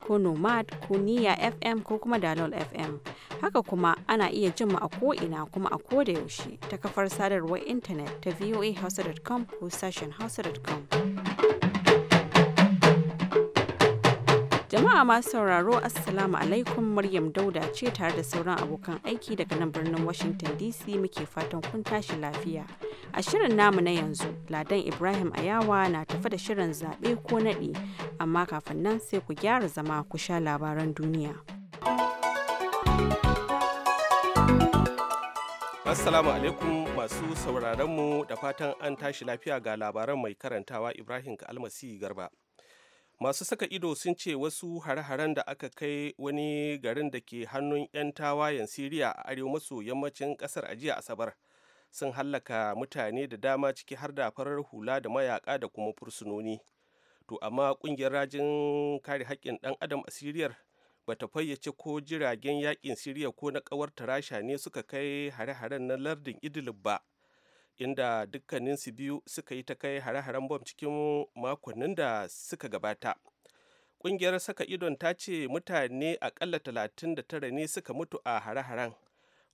ko nomad ko niya fm ko kuma dalol fm haka kuma ana iya jin mu a ko'ina kuma a ko da yaushe ta kafar sadarwar intanet ta voahausa.com ko sashen hausa.com Jama'a masu sauraro Assalamu alaikum Maryam Dauda ce tare da sauran abokan aiki daga nan birnin Washington DC muke fatan kun tashi lafiya. A shirin namu na yanzu, Ladan Ibrahim Ayawa na tafi da shirin zaɓe ko naɗe, amma kafin nan sai ku gyara zama ku sha labaran duniya. Assalamu alaikum masu sauraronmu da fatan an tashi lafiya ga labaran mai karantawa Ibrahim ka Almasi Garba. masu saka ido sun ce wasu hare-haren da aka kai wani garin da ke hannun 'yan tawayen siriya a arewa maso yammacin kasar a jiya asabar sun hallaka mutane da dama ciki har da farar hula da mayaka da kuma fursunoni to amma kungiyar rajin kare haƙƙin ɗan adam a siriyar bata fayyace ko jiragen yaƙin siriya ko na ƙawarta tarasha ne suka kai hare-haren na lardin idlib ba inda dukkaninsu biyu suka yi ta kai hare-haren bom cikin makonnin da suka gabata ƙungiyar saka idon ta ce mutane akalla tara ne suka mutu a hare-haren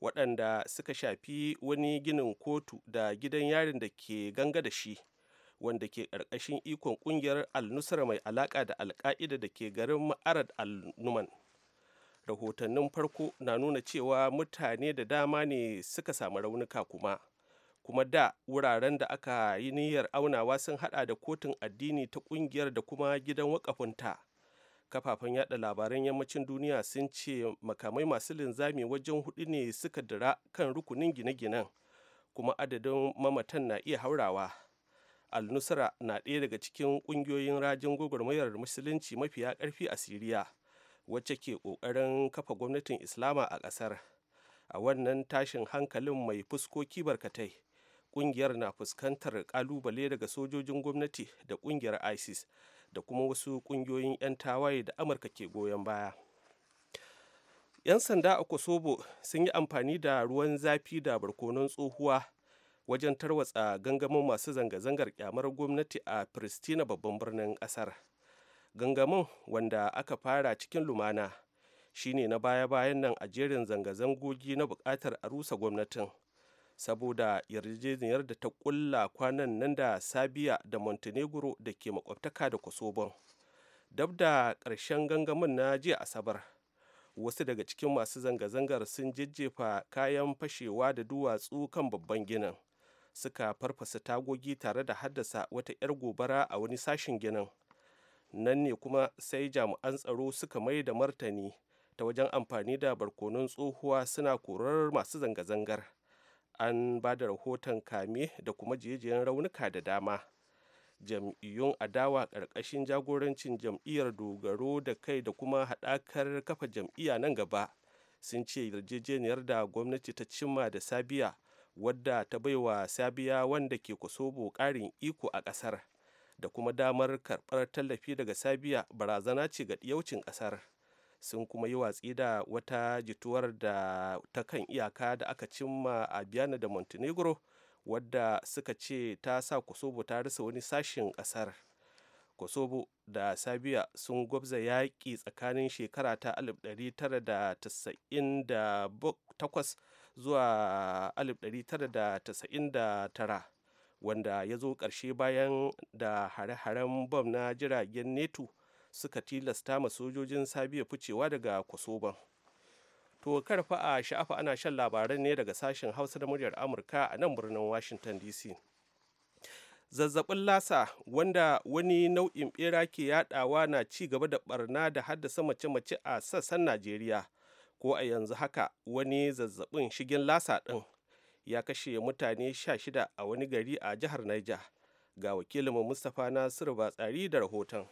waɗanda suka shafi wani ginin kotu da gidan yarin da ke ganga da shi wanda ke ƙarƙashin ikon ƙungiyar al-nusra mai alaƙa da alƙa'ida da ke garin ma'arad al-numan rahotannin farko na nuna cewa mutane da dama ne suka samu raunuka kuma kuma da wuraren da aka yi niyyar aunawa sun hada da kotun addini ta kungiyar da kuma gidan wakafinta kafafen yada labaran yammacin duniya sun ce makamai masu linzami wajen hudu ne suka dira kan rukunin gine-ginen kuma adadin mamatan na iya haurawa al-nusra na ɗaya daga cikin ƙungiyoyin rajin gwagwarmayar musulunci mafiya ƙarfi a siriya wacce ke ƙoƙarin kafa gwamnatin islama a ƙasar a wannan tashin hankalin mai fuskoki barkatai kungiyar na fuskantar kalubale daga sojojin gwamnati da kungiyar isis da kuma wasu kungiyoyin 'yan tawaye da amurka ke goyon baya 'yan sanda a kosovo sun yi amfani da ruwan zafi da barkonon tsohuwa wajen tarwatsa gangamin masu zanga-zangar kyamar gwamnati a pristina babban birnin ƙasar. gangamin wanda aka fara cikin lumana shine na baya-bayan nan a jerin zanga-zangogi na buƙatar a rusa gwamnatin saboda yarjejeniyar da ta kulla kwanan nan da sabiya da montenegro da ke makwabtaka da kwasobon, dab da ƙarshen gangamin na jiya asabar wasu daga cikin masu zanga-zangar sun jejjefa kayan fashewa da duwatsu kan babban ginin suka farfasa tagogi tare da haddasa wata 'yar gobara a wani sashen ginin nan ne kuma sai jami'an tsaro suka mai da martani ta wajen amfani da barkonon tsohuwa suna korar masu zanga-zangar an ba da rahoton kame da kuma jejeyen raunuka da dama jam'iyyun adawa ƙarƙashin jagorancin jam'iyyar dogaro da kai da kuma haɗakar kafa jam'iyya nan gaba sun ce yarjejeniyar da gwamnati ta cimma da sabiya wadda ta baiwa sabiya wanda ke kosobo ƙarin iko a ƙasar da kuma damar karɓar tallafi daga sabiya barazana ce ga ɗiyaucin ƙasar sun kuma yi watsi da wata jituwar da ta kan iyaka da aka cimma a biyana da montenegro wadda suka ce ta sa kosovo ta rasa wani sashen kasar. kosovo da sabiya sun gwabza yaƙi tsakanin shekara ta 1998 zuwa 1999 wanda ya zo ƙarshe bayan da hare-haren bam na jiragen neto suka tilasta ma sojojin sabiya ficewa daga kosoban to karfa a sha'afa ana shan labaran ne daga sashen hausa da muryar amurka a nan birnin washington dc zazzabin lasa wanda wani nau'in bera ke yadawa na ci gaba da barna da haddasa mace-mace a sassan najeriya ko a yanzu haka wani zazzabin shigin lasa ɗin ya kashe mutane sha shida a wani gari a jihar Niger. Ga wakilin Mustapha Nasiru Batsari da rahoton.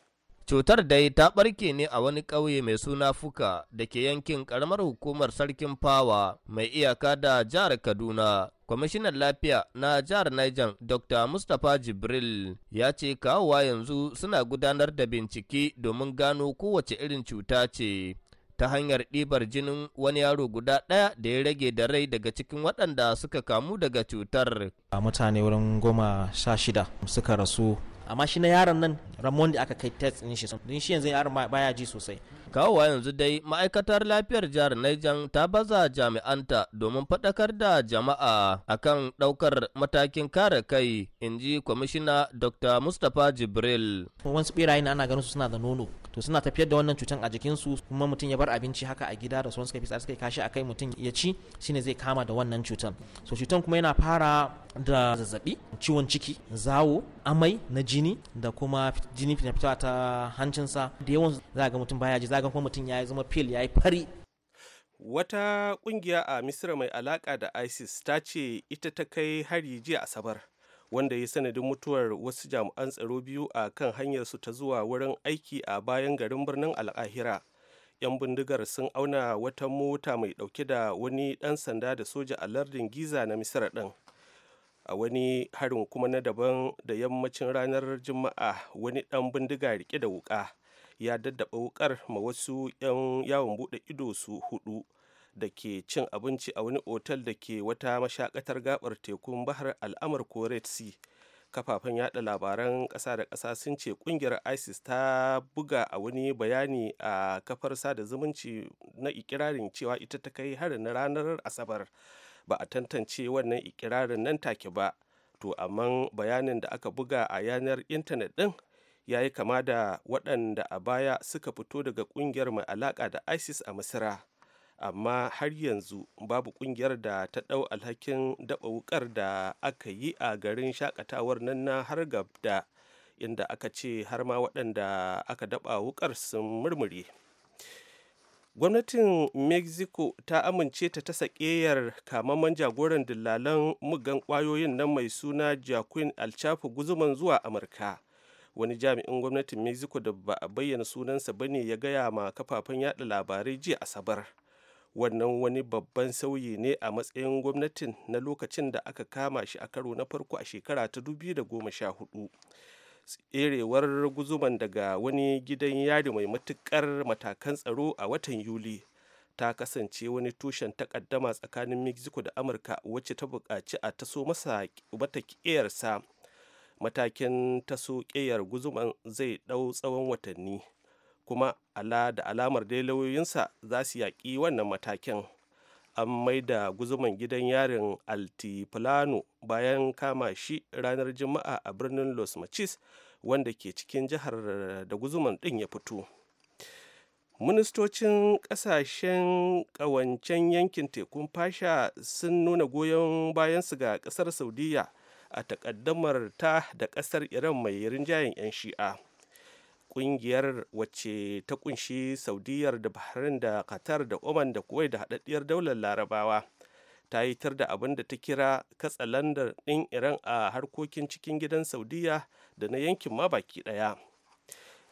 Cutar dai ta barke ne a wani ƙauye mai suna Fuka da ke yankin ƙaramar hukumar Sarkin Fawa mai iyaka da jihar Kaduna. Kwamishinan Lafiya na jihar Niger Dr. Mustapha Jibril ya ce kawowa yanzu suna gudanar da bincike domin gano kowace irin cuta ce. ta hanyar ɗibar jinin wani yaro guda ɗaya da ya rage da rai daga cikin waɗanda suka kamu daga cutar. A mutane wurin goma sha shida suka rasu amma shi na yaron nan ramon da aka kai test din shi don shi yanzu yaron baya ji sosai kawowa yanzu dai ma'aikatar lafiyar jihar Niger ta baza jami'anta domin faɗakar da jama'a akan daukar matakin kare kai in ji kwamishina dr mustapha jibril wasu birayen ana ganin su suna da nono to suna tafiyar da wannan cutan a su kuma mutum ya bar abinci haka a gida da sauran suka fi suka kashi akai mutum ya ci shine zai kama da wannan cutan so cutan kuma yana fara da zazzabi ciwon ciki zawo amai na jini da kuma jini fita ta hancinsa da yawan za ga mutum baya ji za ga kuma mutum ya zama fil ya yi fari wata kungiya a misira mai alaka da isis ta ce ita ta kai hari jiya asabar wanda ya sanadin mutuwar wasu jami'an tsaro biyu a kan hanyarsu ta zuwa wurin aiki a bayan garin birnin al'ahira 'yan bindigar sun auna wata mota mai ɗauke da wani ɗan sanda da soja a lardin giza na misira ɗin a wani harin kuma na daban da yammacin ranar juma'a wani ɗan bindiga rike da wuƙa. ya daddaba wukar ma wasu 'yan yawon bude ido su hudu da ke cin abinci a wani otal da ke wata mashakatar gabar tekun bahar al'amar ko red sea kafafen yada labaran kasa da kasa sun ce kungiyar isis ta buga a wani bayani a kafar sada zumunci na ikirarin cewa ita ta kai harin na ranar asabar ba a tantance wannan ikirarin nan take ba to amma bayanin da aka buga a yanar intanet din ya yi kama da waɗanda a baya suka fito daga ƙungiyar mai alaƙa da isis a misira amma har yanzu babu ƙungiyar da ta ɗau alhakin daɓa wukar da aka yi a garin shakatawar nan na hargab da inda aka ce har ma waɗanda aka daɓa wukar sun murmure gwamnatin mexico ta amince ta ta sakeyar kamaman jagoran dillalan mugan ƙwayoyin nan mai suna jacquin alchafu guzuman zuwa amurka wani jami'in gwamnatin mexico da ba a bayyana sunansa ba ne ya gaya ma kafafen yada labarai jiya asabar wannan wani babban sauyi ne a matsayin gwamnatin na lokacin da aka kama shi a karo na farko a shekara ta 2014 tserewar guzuman daga wani gidan yari mai matukar matakan tsaro a watan yuli ta kasance wani tushen takaddama tsakanin mexico da amurka wacce ta buƙaci a taso masa mata matakin taso ƙeyar guzuman zai ɗau tsawon watanni kuma ala da alamar dai lauyoyinsa za su yaƙi wannan matakin an mai da guzuman gidan yarin altiplano bayan kama shi ranar juma'a a birnin los machis wanda ke cikin jihar da guzuman ɗin ya fito ministocin ƙasashen ƙawancen yankin tekun fasha sun nuna goyon bayansu ga ƙasar saudiyya. a takaddamar ta da kasar iran mai rinjayen 'yan shi'a kungiyar wacce ta kunshi saudiyar da bahrain da qatar da oman da kuwai da hadaddiyar daular larabawa ta yi tar da abin da ta kira katsalandar ɗin iran a harkokin cikin gidan saudiya da na yankin ma baki ɗaya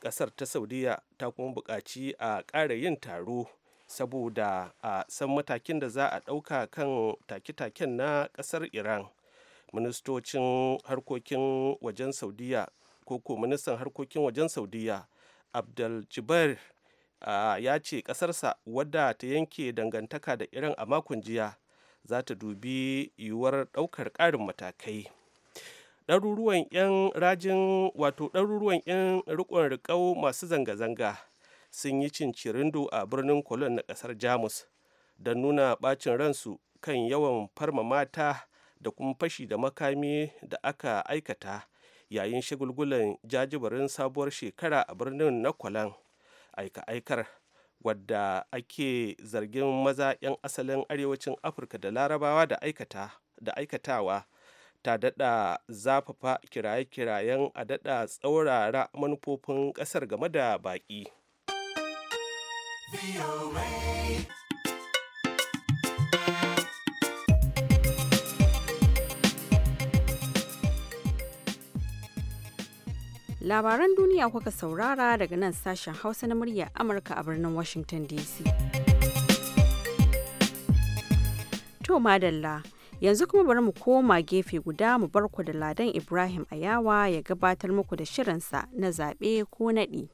ƙasar ta saudiya ta kuma buƙaci a ƙara yin taro saboda a san matakin da za a ɗauka kan take-taken na ƙasar iran ministocin harkokin wajen saudiya koko ministan harkokin wajen saudiya abdul jibar ya ce kasarsa wadda ta yanke dangantaka da iran a makon jiya za ta dubi yiwuwar daukar karin matakai ɗaruruwan 'yan rajin wato ɗaruruwan 'yan riƙon riƙau masu zanga-zanga sun yi cincirindo a birnin cologne na ƙasar jamus don nuna bacin ransu kan yawan farma mata da kuma fashi da makami da aka aikata yayin shagulgulan jajibarin sabuwar shekara a birnin na kwalan aika-aikar wadda ake zargin maza 'yan asalin arewacin afirka da larabawa da aikatawa ta dada zafafa kiraye-kirayen a dada tsaurara manufofin ƙasar game da baƙi. Labaran duniya kuka saurara daga nan sashen Hausa na murya Amurka a birnin Washington DC. To madalla, yanzu kuma bari mu koma gefe guda mu barku da Ladan Ibrahim Ayawa ya gabatar muku da shirinsa na zaɓe ko naɗi.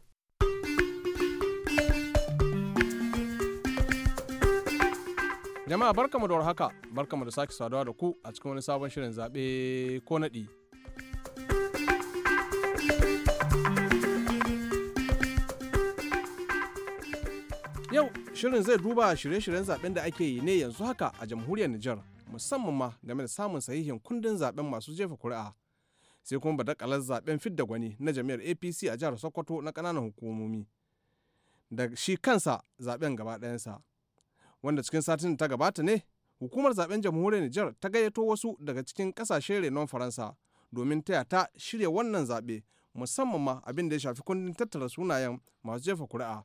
Jama'a barkamu da warhaka, barkamu da sake saduwa da ku a cikin wani sabon shirin zaɓe ko naɗi. Shirin zai duba shirye-shiryen zaben da ake yi ne yanzu haka a jamhuriyar Nijar musamman ma game da samun sahihin kundin zaben masu jefa kuri'a. Sai kuma badakalar zaben fidda gwani na jami'ar APC a jihar Sokoto na kananan hukumomi. Da shi kansa zaben gaba ɗayansa. Wanda cikin satin da ta gabata ne hukumar zaben jamhuriyar Nijar ta gayyato wasu daga cikin kasashen renon Faransa domin taya ta shirya wannan zaɓe musamman ma abin da ya shafi kundin tattara sunayen masu jefa kuri'a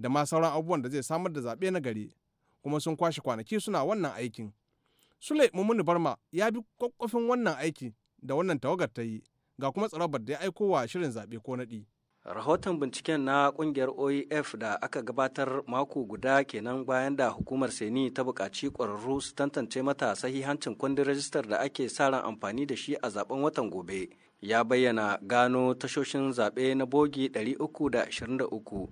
da ma sauran abubuwan da zai samar da zaɓe na gari kuma sun kwashe kwanaki suna wannan aikin sule mumuni barma ya bi kwakwafin wannan aiki da wannan tawagar ta yi ga kuma tsarabar da ya aiko wa shirin zaɓe ko naɗi rahoton binciken na kungiyar oef da aka gabatar mako guda kenan bayan da hukumar seni ta buƙaci ƙwararru su tantance mata sahihancin kundin rajistar da ake sa ran amfani da shi a zaben watan gobe ya bayyana gano tashoshin zaɓe na bogi 323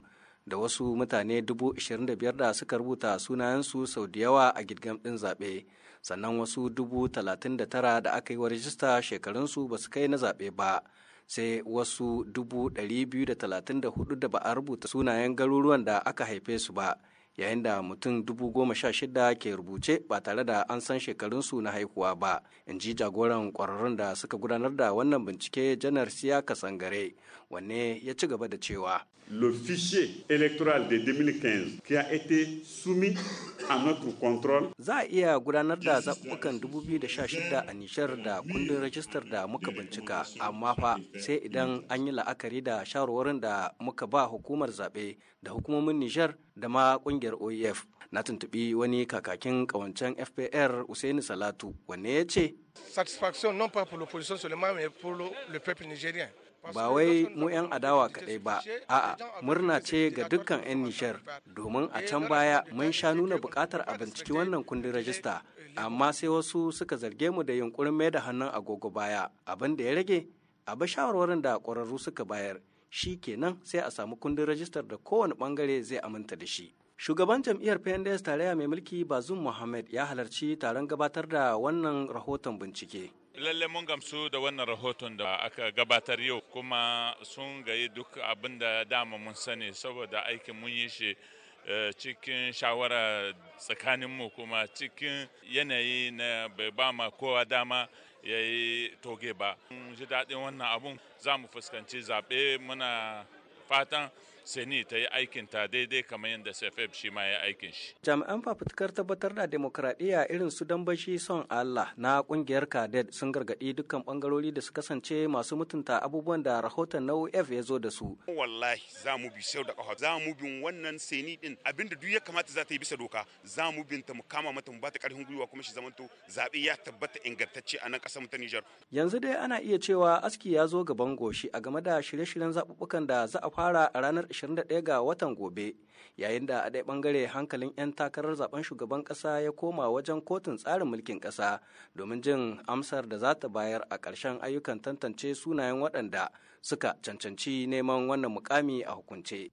da wasu mutane 25,000 da suka rubuta sunayensu sau da yawa a gidgam ɗin zaɓe sannan wasu 39,000 da aka yi wa rajista shekarunsu ba su kai na zaɓe ba sai wasu 234 da ba a rubuta sunayen garuruwan da aka haife su ba yayin da mutum 16,000 ke rubuce ba tare da an san shekarunsu na haihuwa ba in ji jagoran kwararrun da suka gudanar da wannan bincike janar siya kasangare wanne ya ci gaba da cewa le fichier électoral de 2015 qui a été soumis a notre contrôle. Za a iya gudanar da zaɓuɓɓukan 2016 a Nishar da kundin rajistar da muka bincika, amma fa sai idan an yi la'akari da shawarwarin da muka ba hukumar zaɓe da hukumomin Nijar da ma ƙungiyar OEF. Na tuntubi wani kakakin ƙawancen FPR Usaini Salatu, wanne ya ce? Satisfaction non pas pour l'opposition seulement mais pour le peuple nigérien. ba wai mu 'yan adawa kaɗai ba a'a murna ce ga dukkan 'yan nishar domin a can baya mun sha nuna bukatar a binciki wannan kundin rajista amma sai wasu suka zarge mu da yunkurin mai da hannun agogo baya abin da ya rage a bi shawarwarin da ƙwararru suka bayar shi kenan sai a samu kundin rajistar da kowane ɓangare zai aminta da shi shugaban jam'iyyar pnds tarayya mai mulki bazum muhammad ya halarci taron gabatar da wannan rahoton bincike lalle mun gamsu da wannan rahoton da aka gabatar yau kuma sun gayi duk abin da dama mun sani saboda aikin mun yi shi eh, cikin shawara tsakaninmu kuma cikin yanayi na bai ba ma kowa dama ya yi toge ba. Mun ji daɗin wannan abun za mu fuskanci zaɓe muna fatan seni ta yi aikin ta daidai kamar yadda sefeb shi ma ya aikin shi jami'an fafutukar tabbatar da demokradiyya irin su dambashi son allah na kungiyar kadet sun gargadi dukkan bangarori da su kasance masu mutunta abubuwan da rahoton na of ya zo da su wallahi za mu bi sau da ƙafa za mu bin wannan seni din abinda duk ya kamata za ta yi bisa doka za mu binta mu kama mata mu bata karfin gwiwa kuma shi zamanto zaɓe ya tabbata ingantacce a nan ƙasar mu ta Nijar yanzu dai ana iya cewa aski ya zo gaban goshi a game da shirye-shiryen zaɓuɓɓukan da za a fara a ranar 21 ga watan gobe yayin da a ɗaya ɓangare hankalin 'yan takarar zaben shugaban ƙasa ya koma wajen kotun tsarin mulkin ƙasa domin jin amsar da za ta bayar a ƙarshen ayyukan tantance sunayen waɗanda suka cancanci neman wannan mukami a hukunce.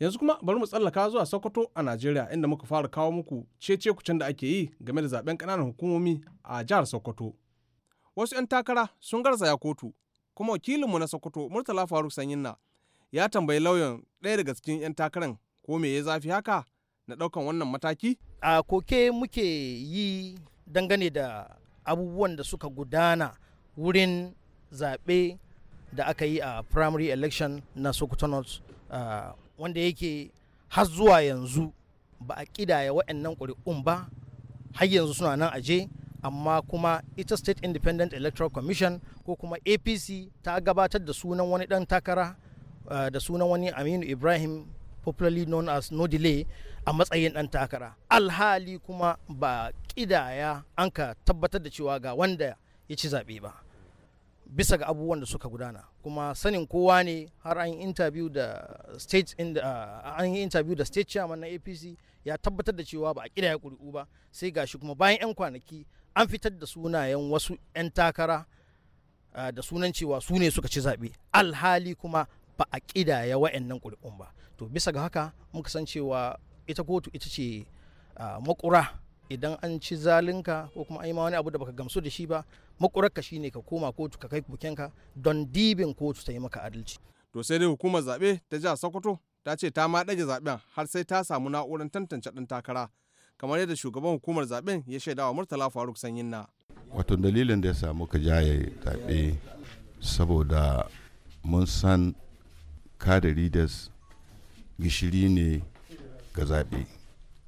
yanzu kuma bari mu tsallaka zuwa sokoto a najeriya inda muka fara kawo muku cece kucin da ake yi game da zaben ƙananan hukumomi a jihar sokoto wasu 'yan takara sun garzaya kotu kuma wakilinmu na sokoto murtala faruk sanyinna ya tambayi lauyan ɗaya daga cikin 'yan takarar ko me ya zafi haka na ɗaukan wannan mataki? A koke muke yi dangane da abubuwan da suka gudana wurin zaɓe da aka yi a primary election na Sokoto North wanda yake har zuwa yanzu ba a ƙidaya waɗannan ƙuri'un ba har yanzu suna nan aje amma kuma ita state independent electoral commission ko kuma apc ta gabatar da sunan wani ɗan takara Uh, da sunan wani aminu ibrahim popularly known as no delay a matsayin ɗan takara alhali kuma ba kidaya an ka tabbatar da cewa ga wanda ya ci zaɓe ba bisa ga abubuwan da suka gudana kuma sanin kowa ne har an interview da state in uh, an interview da state chairman na apc ya tabbatar da cewa ba a ya ƙuri'u ba sai gashi kuma bayan 'yan kwanaki an fitar da sunayen wasu 'yan takara uh, da sunan cewa su ne suka ci zaɓe alhali kuma ba a kidaya wa'annan ƙuri'un ba to bisa ga haka muka san cewa ita kotu ita ce makura idan an ci zalinka ko kuma an yi ma wani abu da baka gamsu da shi ba makurarka shine ka koma kotu ka kai ka don dibin kotu ta yi maka adalci to sai dai hukumar zaɓe ta jihar sokoto ta ce ta ma ɗage zaɓen har sai ta samu na'urar tantance ɗan takara kamar yadda shugaban hukumar zaɓen ya shaidawa murtala faruk sanyin na wato dalilin da ya samu ka jaye zaɓe saboda mun san kada readers gishiri ne ga zaɓe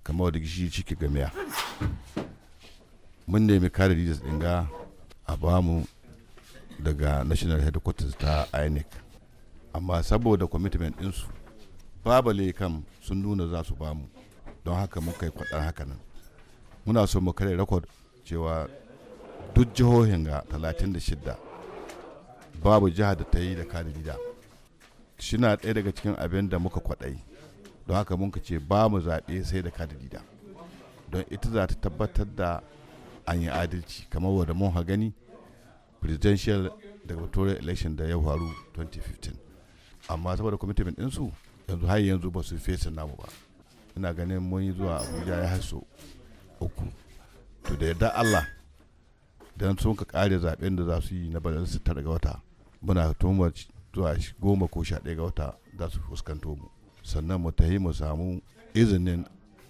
kamar wadda gishiri cike ga miya mun nemi kada readers ɗin ga a bamu daga national headquarters ta inec amma saboda commitment ɗinsu babu kam sun nuna za su bamu don haka mun kai kwaɗar haka nan muna so mu kare rekod cewa duk jihohin ga 36 babu jihar da ta yi da kada rida. shina ɗaya daga cikin abin da muka kwaɗayi don haka mun ce ba mu zaɓe sai da kadadida don ita za ta tabbatar da an yi adalci kamar wadda mun ha gani presidential gubernatorial election da ya faru 2015 amma saboda commitment ɗinsu yanzu har yanzu ba su fesa namu ba ina ganin mun yi zuwa abuja ya haso uku to da yarda allah don sun ka kare zaɓen da za su yi na bazar su tara ga wata muna tumar zuwa goma ko sha ɗaya ga wata za su fuskanto mu sannan mu tafi mu samu izinin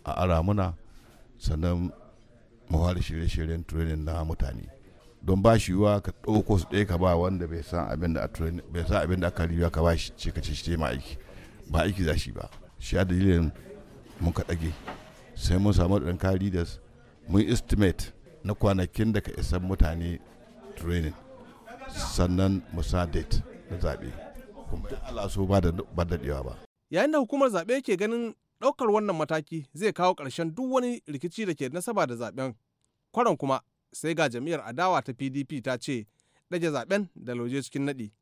a ara muna sannan mu fara shirye-shiryen training na mutane don ba shi yiwa ka ɗauko su ɗaya ka ba wanda bai san abin da bai san abin da aka riwa ka ba shi ce ka ce shi ma aiki ba aiki za shi ba shi a dalilin mun ka ɗage sai mun samu ɗan kari da mun estimate na kwanakin da ka isan mutane training sannan mu sa date na zaɓe Allah so ba da daɗewa ba. Yayin da hukumar zaɓe ke ganin ɗaukar wannan mataki zai kawo ƙarshen duk wani rikici da ke nasaba da zaɓen. Kwaron kuma sai ga jam'iyyar adawa ta PDP ta ce ɗage zaɓen da lauje cikin naɗi.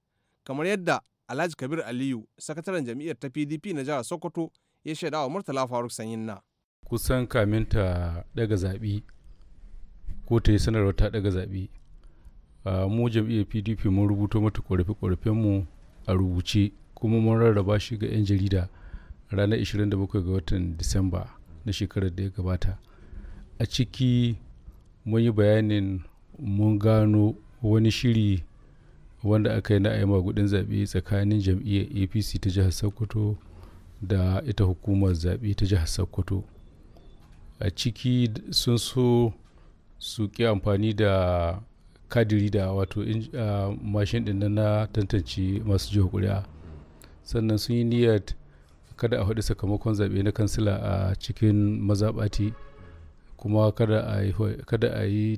Kamar yadda Alhaji Kabir Aliyu, sakataren jam'iyyar ta PDP na jihar Sokoto ya shaida wa Murtala Faruk Sanyinna. Kusan kamin ta ɗaga zaɓe ko ta yi sanarwa ta ɗaga zaɓe Ah, mu jam'iyyar pdp mun rubuto mata korafe-korafenmu a rubuce kuma mun rarraba shi ga 'yan jarida ranar 27 ga watan disamba na shekarar da ya gabata a ciki mun yi bayanin mun gano wani shiri wanda aka yi na aima magudin zaɓe tsakanin jam'iyyar apc ta jihar sokoto da ita hukumar zaɓe ta jihar sokoto a ciki sun so su ki amfani da kadiri da wato ah, mashin din nan na tantance masu jiwa kuri'a sannan sun yi niyyar kada a haɗu sakamakon zaɓe na kansila a cikin mazaɓati kuma kada a yi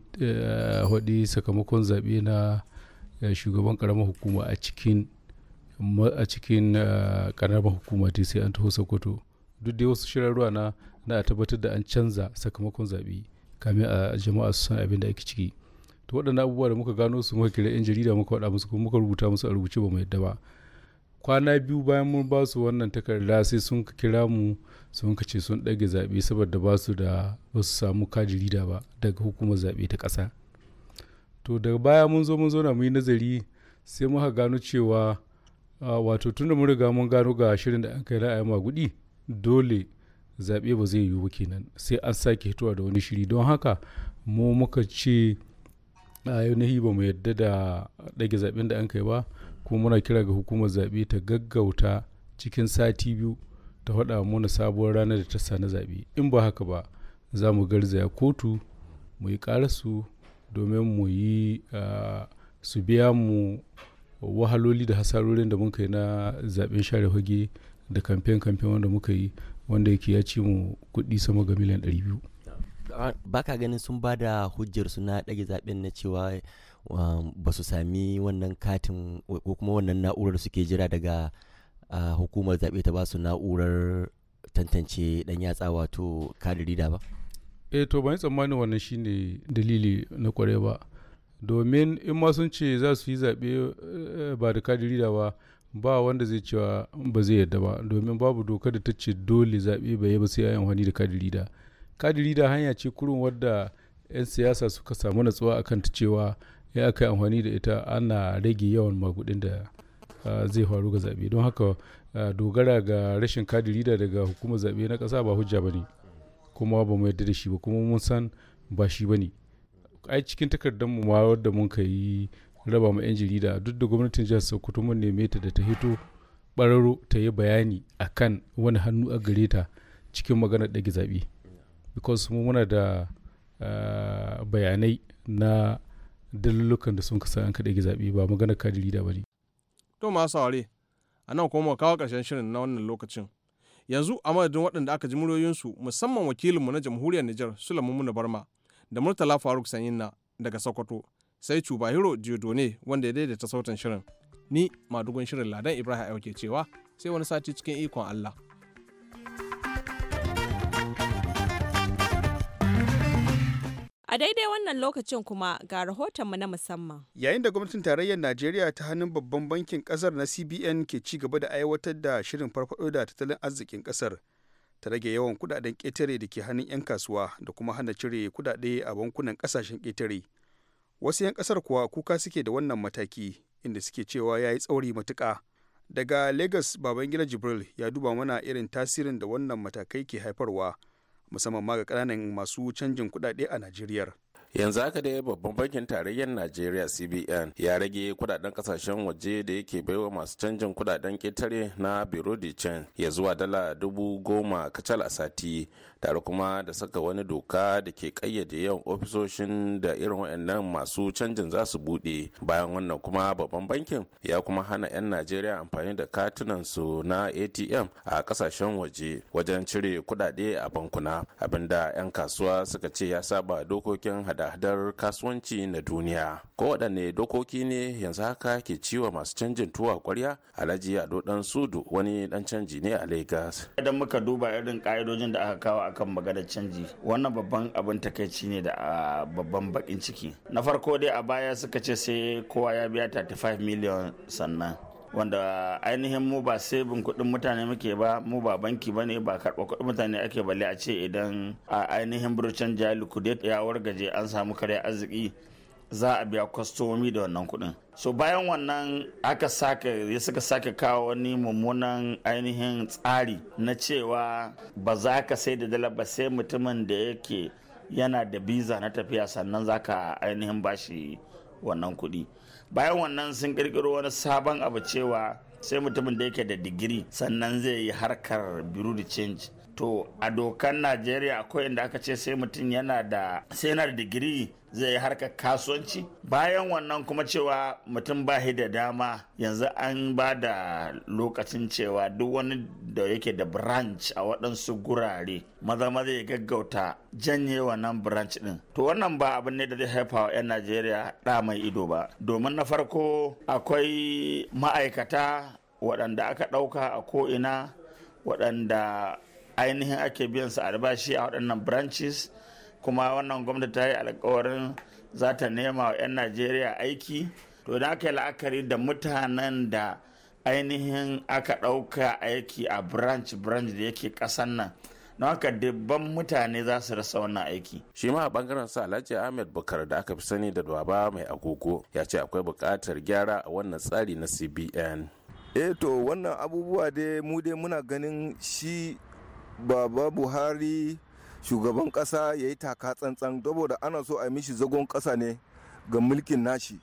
haɗi eh, sakamakon zaɓe na eh, shugaban ƙaramar hukuma a cikin a cikin eh, ƙaramar hukuma ta sai an taho sokoto duk dai wasu shirarruwa na na a tabbatar da an canza sakamakon zaɓe kamin a jama'a su san abin da ake ciki to waɗannan abubuwa da muka gano su muka kira 'yan jarida muka faɗa musu kuma muka rubuta musu a rubuce ba mu yadda ba kwana biyu bayan mun ba su wannan takarda sai sun kira mu sun ce sun ɗage zaɓe saboda ba su da ba su samu kajirida ba daga hukumar zaɓe ta ƙasa to daga baya mun zo mun zauna mu yi nazari sai muka gano cewa wato tunda mun riga mun gano ga shirin da an kai ra'ayi magudi dole zaɓe ba zai yiwu kenan sai an sake hitowa da wani shiri don haka mu muka ce ainihi ba mu yadda da ɗage zaɓen da an kai ba kuma muna kira ga hukumar zaɓe ta gaggauta cikin sati biyu ta faɗa mana sabuwar ranar da ta sani zaɓe in ba haka ba za mu garzaya kotu mu yi ƙarasu domin mu yi su biya mu wahaloli da hasarorin da muka yi na zaɓen share fage da kamfen-kamfen wanda muka yi wanda yake ya ci mu kuɗi sama ga miliyan 200 baka ganin sun ba da hujjar su na ɗage zaɓen na cewa um, ba su sami wannan katin ko kuma wannan na'urar suke jira daga hukumar zaɓe ta ba su na'urar tantance ɗan yatsa wato kadiri da ba? eh to ban tsammani wannan shine dalili na kwarai ba domin in ma sun ce za su yi zaɓe eh, ba da kadiri da ba ba wanda zai cewa ba zai yadda ba domin babu doka da ta ce dole zaɓe bai yi ba sai a yi amfani da kadiri da kadiri da hanya ce kurun wadda 'yan siyasa suka samu natsuwa a ta cewa ya aka yi amfani da ita ana rage yawan magudin da zai faru ga zaɓe don haka dogara ga rashin kadiri da daga hukumar zaɓe na ƙasa ba hujja ba ne kuma ba mu yarda da shi ba kuma mun san ba shi ba ne ai cikin takardar mu ma wadda mun ka yi raba ma 'yan jarida duk da gwamnatin jihar sokoto mun neme ta da ta hito bararo ta yi bayani akan wani hannu a gare ta cikin maganar ɗage zaɓe because mu muna da eh, bayanai na dalilukan da sun kasa an ga zaɓe ba magana kadiri da bane. To ma saware, a nan kuma kawo ƙarshen shirin na wannan lokacin. Yanzu a madadin waɗanda aka ji muryoyinsu musamman wakilinmu na jamhuriyar Nijar Sulaiman Muna Barma da Murtala Faruk Sanyinna daga Sokoto sai Cubahiro ne wanda ya daidaita sautin shirin. Ni madugun shirin Ladan Ibrahim Ayo ke cewa sai wani sati cikin ikon Allah. A daidai wannan lokacin kuma ga rahoton rahotonmu na musamman. Yayin da gwamnatin tarayyar Najeriya ta hannun babban bankin kasar na CBN ke ci gaba da aiwatar da shirin farfado da tattalin arzikin kasar. Ta rage yawan kudaden ketare da ke hannun 'yan kasuwa da kuma hana cire kudade a bankunan kasashen ketare Wasu 'yan kasar kuwa kuka suke da wannan mataki inda suke cewa ya yi tsauri matuka Daga Lagos Babangida Jibril ya duba mana irin tasirin da wannan matakai ke haifarwa. musamman ma ga kananan masu canjin kudade a Najeriya. yanzu haka dai babban bankin tarayyar najeriya cbn ya rage kudaden kasashen waje da yake baiwa masu canjin kudaden ketare na biro de chen ya zuwa dala dubu goma kacal a sati tare kuma da saka wani doka da ke kayyade yawan ofisoshin da irin waɗannan masu canjin za su buɗe bayan wannan kuma babban bankin ya kuma hana 'yan najeriya amfani da katunan su na atm a kasashen waje wajen cire kudade a bankuna abinda 'yan kasuwa suka ce ya saba dokokin hada hada kasuwanci na duniya kowaɗanne dokoki ne yanzu haka ke ciwa masu canjin tuwa kwarya alhaji ado dan sudu wani dan canji ne a lagos idan muka duba irin ka'idojin da aka kawo akan maganar canji wannan babban abin takaici ne da babban bakin ciki na farko dai a baya suka ce sai kowa ya biya 35 miliyan sannan wanda ainihin mu ba sebin kuɗin mutane muke ba mu ba banki ba ne ba karɓa kuɗin mutane ake balle a ce idan a ainihin burcin jali kudet ya wargaje an samu karya arziki za a biya kwastomi da wannan kuɗin so bayan wannan aka saka ya suka sake kawo wani mummunan ainihin tsari na cewa ba za ka sai da dala ba sai mutumin da yake yana da biza na tafiya sannan za ka ainihin bashi wannan kuɗi bayan wannan sun kirkiro wani sabon abu cewa sai mutumin da yake da digiri sannan zai yi harkar bureau de change to a dokan najeriya akwai inda aka ce sai mutum yana da sai yana da digiri zai yi harkar kasuwanci bayan wannan kuma cewa mutum ba da dama yanzu an ba da lokacin cewa duk wani da yake da branch a waɗansu gurare maza maza ya gaggauta janye wannan branch din to wannan ba abin ne da zai haifa wa 'yan najeriya ɗa mai ido ba domin na farko akwai ma'aikata waɗanda aka ɗauka a ko'ina waɗanda ainihin ake biyan su albashi a waɗannan branches kuma wannan gwamnati ta yi alkawarin za ta nema wa 'yan najeriya aiki to da aka yi la'akari da mutanen da ainihin aka ɗauka aiki a branch branch da yake kasan nan na haka dubban mutane za su rasa wannan aiki. shi ma a bangaren sa alhaji ahmed bukar da aka fi sani da baba mai agogo ya ce akwai buƙatar gyara a wannan tsari na cbn eh to wannan abubuwa dai mu dai muna ganin shi baba buhari shugaban ƙasa ya yi taka tsantsan saboda ana so a mishi zagon ƙasa ne ga mulkin nashi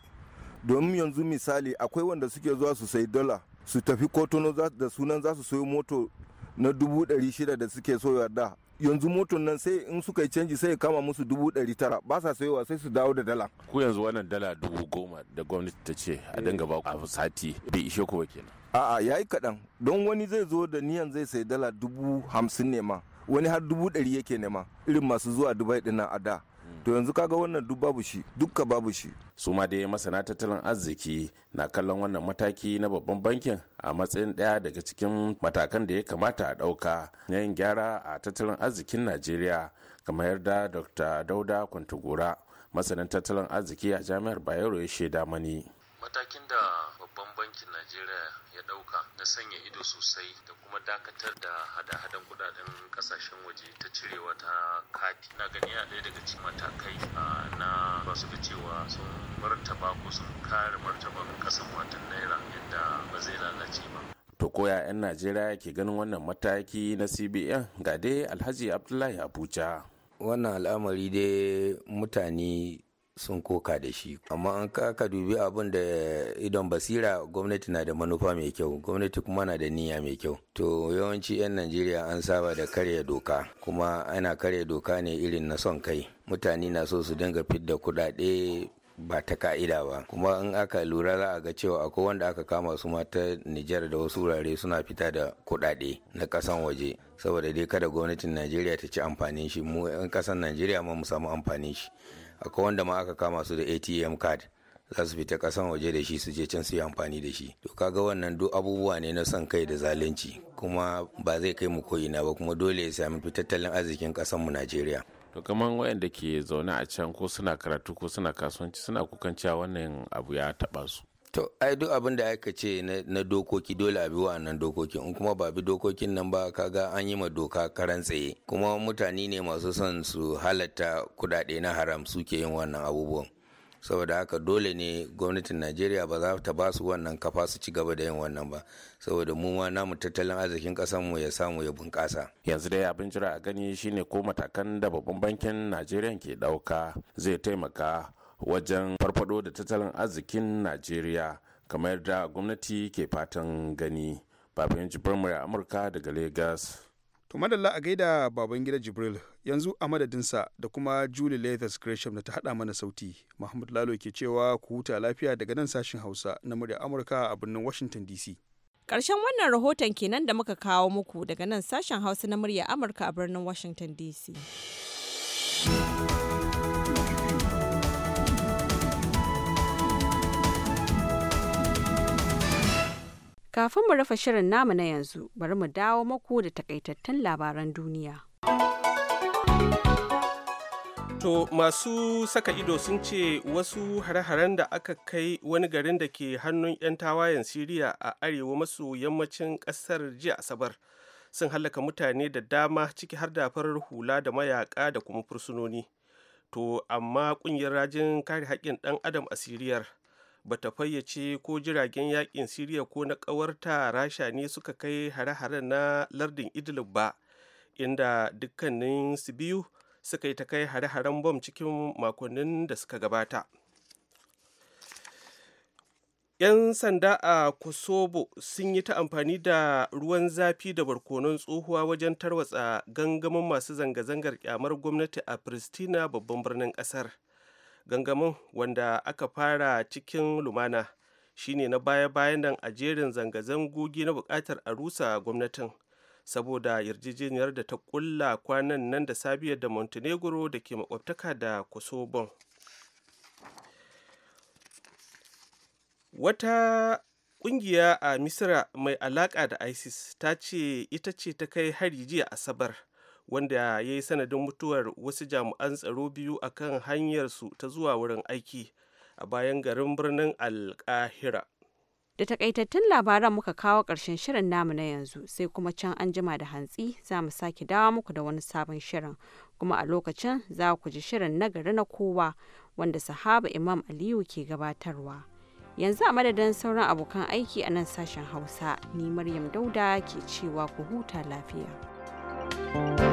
domin yanzu misali akwai wanda suke zuwa su sayi dala su tafi kotono da sunan za su sayo moto na dubu ɗari shida da suke so da yanzu moton nan sai in suka yi canji sai kama musu dubu ɗari tara ba sa sayowa sai su dawo da dala ku yanzu wannan dala dubu goma da gwamnati ta ce a dinga ba a sati bai ishe ku kenan a'a yayi kaɗan don wani zai zo da niyan zai sayi dala dubu hamsin ne ma wani har dubu ɗari yake nema irin masu zuwa dubai dinnan a da to yanzu kaga wannan duk babu shi dukka babu shi su ma dai masana tattalin arziki na kallon wannan mataki na babban bankin a matsayin ɗaya daga cikin matakan da ya kamata a ɗauka na yin gyara a tattalin arzikin najeriya kamar yarda dr dauda kwantagora masanin tattalin arziki a jami'ar bayero ya shaida mani matakin da babban bankin najeriya ta sanya ido sosai da kuma dakatar da hada-hadan kudaden kasashen waje ta cirewa ta kati na gani a ɗaya daga cikin matakai na su ga cewa sun martaba ko sun kare martaba kasan watan naira yadda ba zai lalace ba to koya 'yan najeriya ke ganin wannan mataki na cbn ga dai alhaji abdullahi abuja wannan al'amari dai mutane sun koka da shi amma an ka dubi abin da idon basira gwamnati na da manufa mai kyau gwamnati kuma na da niyya mai kyau to yawanci 'yan najeriya an saba da karya doka kuma ana karya doka ne irin na son kai mutane na so su dinga fidda kudade ba ta ka'ida ba kuma in aka lura za a ga cewa akwai wanda aka kama su mata nijar da wasu wurare suna fita da kuɗaɗe na kasan waje saboda dai kada gwamnatin najeriya ta ci amfanin shi mu 'yan kasan najeriya ma mu samu amfanin shi akwai wanda ma aka kama su da atm card za su fita kasan waje da shi su je can su yi amfani da shi to kaga wannan duk abubuwa ne na son kai da zalunci kuma ba zai kai mu ko ina ba kuma dole ya sami fi tattalin arzikin kasan mu Najeriya to kamar wayanda ke zaune a can ko suna karatu ko suna kasuwanci suna kukan cewa wannan abu ya taba su To, ai duk abin da aka ce na dokoki dole a bi wa'annan dokoki, in kuma ba bi dokokin nan ba ga an yi ma doka karan tsaye, kuma mutane ne masu son su halatta kudade na haram suke yin wannan abubuwan. saboda haka dole ne gwamnatin najeriya ba za ta ba su wannan kafa su ci gaba da yin wannan ba saboda mu ma namu tattalin arzikin mu ya samu ya bunƙasa yanzu dai abin jira a gani shine ko matakan da babban bankin najeriya ke ɗauka zai taimaka wajen farfado da tattalin arzikin najeriya kamar yadda gwamnati ke fatan gani baban jibril amurka daga lagos to madalla a gaida baban gida jibril yanzu a madadinsa da kuma julie lathers gresham da ta hada mana sauti mahmud lalo ke cewa ku huta lafiya daga nan sashen hausa na murya amurka a birnin washington dc Ƙarshen wannan rahoton kenan da muka kawo muku daga nan sashen Hausa na murya Amurka a birnin Washington DC. Kafin mu rufe shirin namu na yanzu, bari mu dawo maku da takaitattun labaran duniya. To masu saka ido sun ce wasu hare-haren da aka kai wani garin da ke hannun 'yan tawayen Siriya a arewa maso yammacin ƙasar jiya Asabar sun hallaka mutane da dama ciki har da farar hula da mayaka da kuma fursunoni. To amma ƙungiyar rajin kare haƙƙin ɗan adam a Siriyar ba ta fayyace ko jiragen yakin siriya ko na kawarta rasha ne suka kai hare-hare na lardin idlib ba inda dukkanin su biyu suka yi ta kai hare-haren bom cikin makonnin da suka gabata 'yan sanda a kosovo sun yi ta amfani da ruwan zafi da barkonon tsohuwa wajen tarwatsa gangamin masu zanga-zangar kyamar gwamnati a pristina babban birnin kasar gangamin wanda aka fara cikin lumana shine na baya-bayan nan a jerin zanga-zangogi na bukatar a rusa gwamnatin saboda yarjejeniyar da ta kulla kwanan nan da sabiyar da montenegro da ke makwabtaka da kosovo wata kungiya a misira mai alaka da isis ta ce ita ce ta kai hari jiya asabar wanda ya yi sanadin mutuwar wasu jami'an tsaro biyu a kan hanyarsu ta zuwa wurin aiki a bayan garin birnin alkahira da takaitattun labaran muka kawo ƙarshen shirin namu na yanzu sai kuma can an jima da hantsi za mu sake dawo muku da wani sabon shirin kuma a lokacin za ku ji shirin na gari na kowa wanda sahaba imam aliyu ke gabatarwa yanzu a madadin sauran abokan aiki a nan sashen hausa ni maryam dauda ke cewa ku huta lafiya. thank